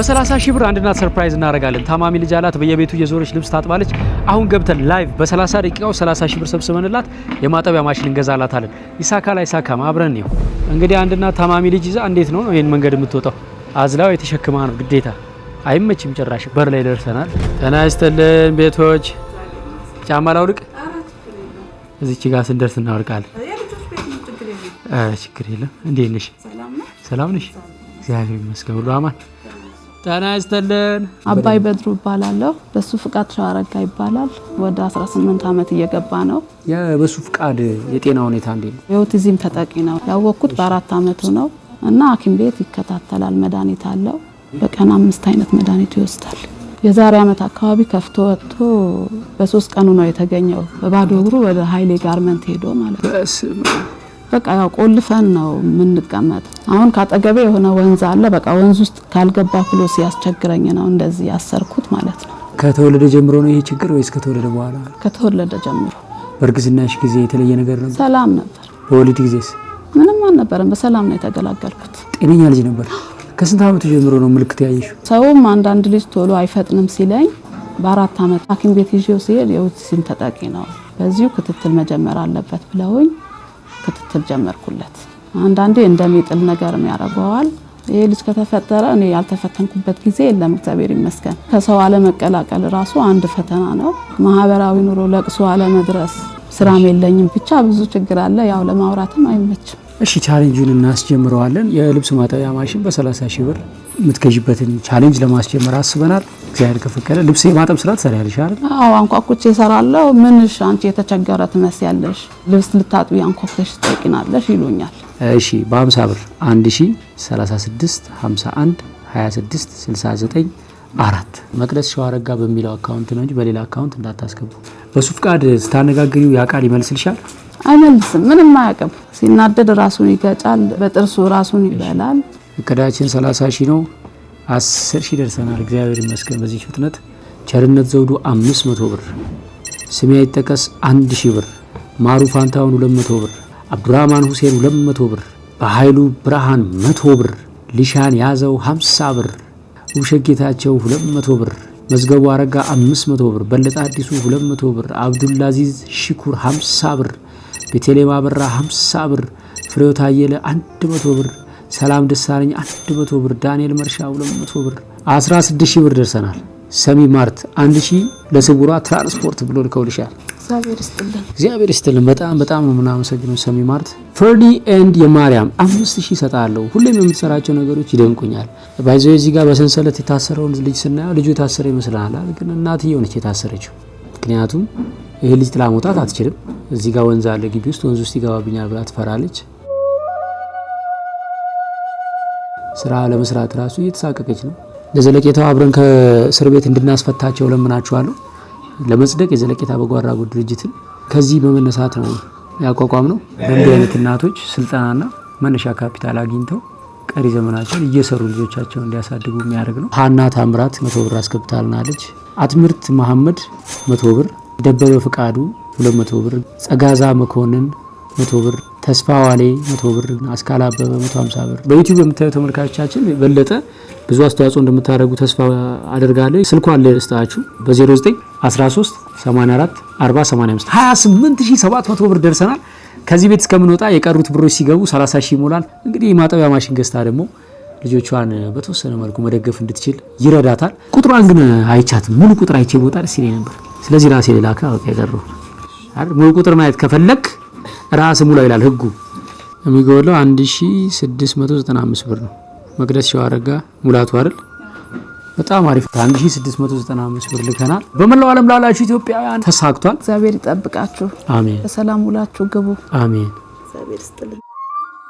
በ30 ሺህ ብር አንድ እናት ሰርፕራይዝ እናደርጋለን። ታማሚ ልጅ አላት፣ በየቤቱ የዞረች ልብስ ታጥባለች። አሁን ገብተን ላይቭ በ30 ደቂቃው 30 ሺህ ብር ሰብስበንላት የማጠቢያ ማሽን እንገዛላታለን። ይሳካ ላይ ሳካ አብረን ነው እንግዲህ። አንድ እናት ታማሚ ልጅ ይዛ እንዴት ነው ይህን መንገድ የምትወጣው? አዝላው የተሸክማ ነው ግዴታ። አይመችም ጭራሽ። በር ላይ ደርሰናል። ጤና ይስጥልን ቤቶች። ጫማ ላውልቅ። እዚች ጋር ስንደርስ እናወርቃለን። ችግር የለም። እንዴት ነሽ? ሰላም ነሽ? እግዚአብሔር ይመስገን። ሁሉ አማን ጤና ይስጥልን። አባይ በድሩ እባላለሁ። በሱ ፍቃድ ሸዋረጋ ይባላል። ወደ 18 ዓመት እየገባ ነው። በሱ ፍቃድ የጤና ሁኔታ እንዴት ነው? የኦቲዝም ተጠቂ ነው። ያወቅኩት በአራት ዓመቱ ነው እና ሐኪም ቤት ይከታተላል። መድኃኒት አለው። በቀን አምስት አይነት መድኃኒት ይወስዳል። የዛሬ ዓመት አካባቢ ከፍቶ ወጥቶ በሶስት ቀኑ ነው የተገኘው። በባዶ እግሩ ወደ ሀይሌ ጋርመንት ሄዶ ማለት ነው በቃ ያው ቆልፈን ነው የምንቀመጥ። አሁን ካጠገቤ የሆነ ወንዝ አለ። በቃ ወንዝ ውስጥ ካልገባ ብሎ ሲያስቸግረኝ ነው እንደዚህ ያሰርኩት ማለት ነው። ከተወለደ ጀምሮ ነው ይሄ ችግር ወይስ ከተወለደ በኋላ? ከተወለደ ጀምሮ። በእርግዝናሽ ጊዜ የተለየ ነገር ነበር? ሰላም ነበር። በወሊድ ጊዜስ? ምንም አልነበረም። በሰላም ነው የተገላገልኩት። ጤነኛ ልጅ ነበር። ከስንት ዓመቱ ጀምሮ ነው ምልክት ያየሽ? ሰውም አንዳንድ ልጅ ቶሎ አይፈጥንም ሲለኝ በአራት ዓመት ሐኪም ቤት ይዤው ሲሄድ የኦቲዝም ተጠቂ ነው፣ በዚሁ ክትትል መጀመር አለበት ብለውኝ ክትትል ጀመርኩለት። አንዳንዴ እንደሚጥል ነገር ያደርገዋል። ይህ ልጅ ከተፈጠረ እኔ ያልተፈተንኩበት ጊዜ የለም። እግዚአብሔር ይመስገን። ከሰው አለመቀላቀል ራሱ አንድ ፈተና ነው። ማህበራዊ ኑሮ፣ ለቅሶ አለመድረስ፣ ስራም የለኝም ብቻ ብዙ ችግር አለ። ያው ለማውራትም አይመችም። እሺ ቻሌንጁን እናስጀምረዋለን። የልብስ ማጠቢያ ማሽን በ30 ሺህ ብር የምትገዥበትን ቻሌንጅ ለማስጀመር አስበናል። እግዚአብሔር ከፈቀደ ልብስ የማጠብ ስራ ትሰሪያለሽ አይደል? አዎ አንኳኩቼ እሰራለሁ። ምንሽ አንቺ የተቸገረ ትመስያለሽ፣ ልብስ ልታጥቢ አንኳኩተሽ ትጠይቂናለሽ ይሉኛል። እሺ በ50 ብር 1036 51 26 69 አራት መቅደስ ረጋ በሚለው አካውንት ነው እንጂ በሌላ አካውንት እንዳታስገቡ። በሱ ፍቃድ ስታነጋግሪው ያ ቃል ይመልስልሻል? አይመልስም። ምንም አያውቅም። ሲናደድ ራሱን ይገጫል፣ በጥርሱ ራሱን ይበላል። እቅዳችን 30 ሺህ ነው። አስር ሺህ ደርሰናል። እግዚአብሔር ይመስገን በዚህ ፍጥነት። ቸርነት ዘውዱ አምስት መቶ ብር፣ ስሜ አይጠቀስ አንድ ሺህ ብር፣ ማሩ ፋንታውን ሁለት መቶ ብር፣ አብዱራማን ሁሴን ሁለት መቶ ብር፣ በኃይሉ ብርሃን መቶ ብር፣ ሊሻን ያዘው ሀምሳ ብር፣ ውሸጌታቸው ሁለት መቶ ብር መዝገቡ አረጋ አምስት መቶ ብር፣ በለጠ አዲሱ ሁለት መቶ ብር፣ አብዱላዚዝ ሽኩር ሀምሳ ብር፣ ቤተሌማ በራ ሀምሳ ብር፣ ፍሬው ታየለ አንድ መቶ ብር ሰላም ደሳለኝ አንድ መቶ ብር፣ ዳንኤል መርሻ ሁለት መቶ ብር፣ 16 ሺህ ብር ደርሰናል። ሰሚ ማርት አንድ ሺህ ለስጉሯ ትራንስፖርት ብሎ ልከውልሻል። እግዚአብሔር ይስጥልን። በጣም በጣም ነው የምናመሰግነው ሰሚ ማርት። ፈርዲ ኤንድ የማርያም አምስት ሺህ ይሰጣለሁ። ሁሌም የምትሰራቸው ነገሮች ይደንቁኛል። ባይዘ እዚህ ጋር በሰንሰለት የታሰረውን ልጅ ስናየው ልጁ የታሰረ ይመስልናል፣ ግን እናትየው ነች የታሰረችው። ምክንያቱም ይህ ልጅ ጥላ መውጣት አትችልም። እዚህ ጋር ወንዝ አለ ግቢ ውስጥ፣ ወንዝ ውስጥ ይገባብኛል ብላ ትፈራለች። ስራ ለመስራት ራሱ እየተሳቀቀች ነው። ለዘለቄታው አብረን ከእስር ቤት እንድናስፈታቸው ለምናችኋለሁ። ለመጽደቅ የዘለቄታ በጎ አድራጎት ድርጅትን ከዚህ በመነሳት ነው ያቋቋም ነው። በእንዲህ አይነት እናቶች ስልጠናና መነሻ ካፒታል አግኝተው ቀሪ ዘመናቸውን እየሰሩ ልጆቻቸውን እንዲያሳድጉ የሚያደርግ ነው። ሀና ታምራት መቶ ብር አስገብታልናለች። አትምህርት መሐመድ መቶ ብር፣ ደበበ ፍቃዱ ሁለት መቶ ብር፣ ጸጋዛ መኮንን መቶ ብር ተስፋ ዋሌ መቶ ብር፣ አስካል አበበ መቶ ሀምሳ ብር። በዩቲዩብ የምታዩ ተመልካቾቻችን በለጠ ብዙ አስተዋጽኦ እንደምታደርጉ ተስፋ አደርጋለሁ። አለ ልስጣችሁ በ09 84 40 85 28700 ብር ደርሰናል። ከዚህ ቤት እስከምንወጣ የቀሩት ብሮች ሲገቡ 30 ሺህ ይሞላል። እንግዲህ የማጠቢያ ማሽን ገዝታ ደግሞ ልጆቿን በተወሰነ መልኩ መደገፍ እንድትችል ይረዳታል። ቁጥሯን ግን አይቻትም። ሙሉ ቁጥር አይቼ ቦታ ደስ ይለኝ ነበር። ስለዚህ ራሴ ሌላ ሙሉ ቁጥር ማየት ከፈለግ ራስ ሙላ ይላል ህጉ። የሚጎለው 1695 ብር ነው። መቅደስ አረጋ ሙላቱ አይደል? በጣም አሪፍ 1695 ብር ልከናል። በመላው ዓለም ላላችሁ ኢትዮጵያውያን ተሳክቷል። እግዚአብሔር ይጠብቃችሁ። አሜን። በሰላም ውላችሁ ግቡ። አሜን። እግዚአብሔር ይስጥልን።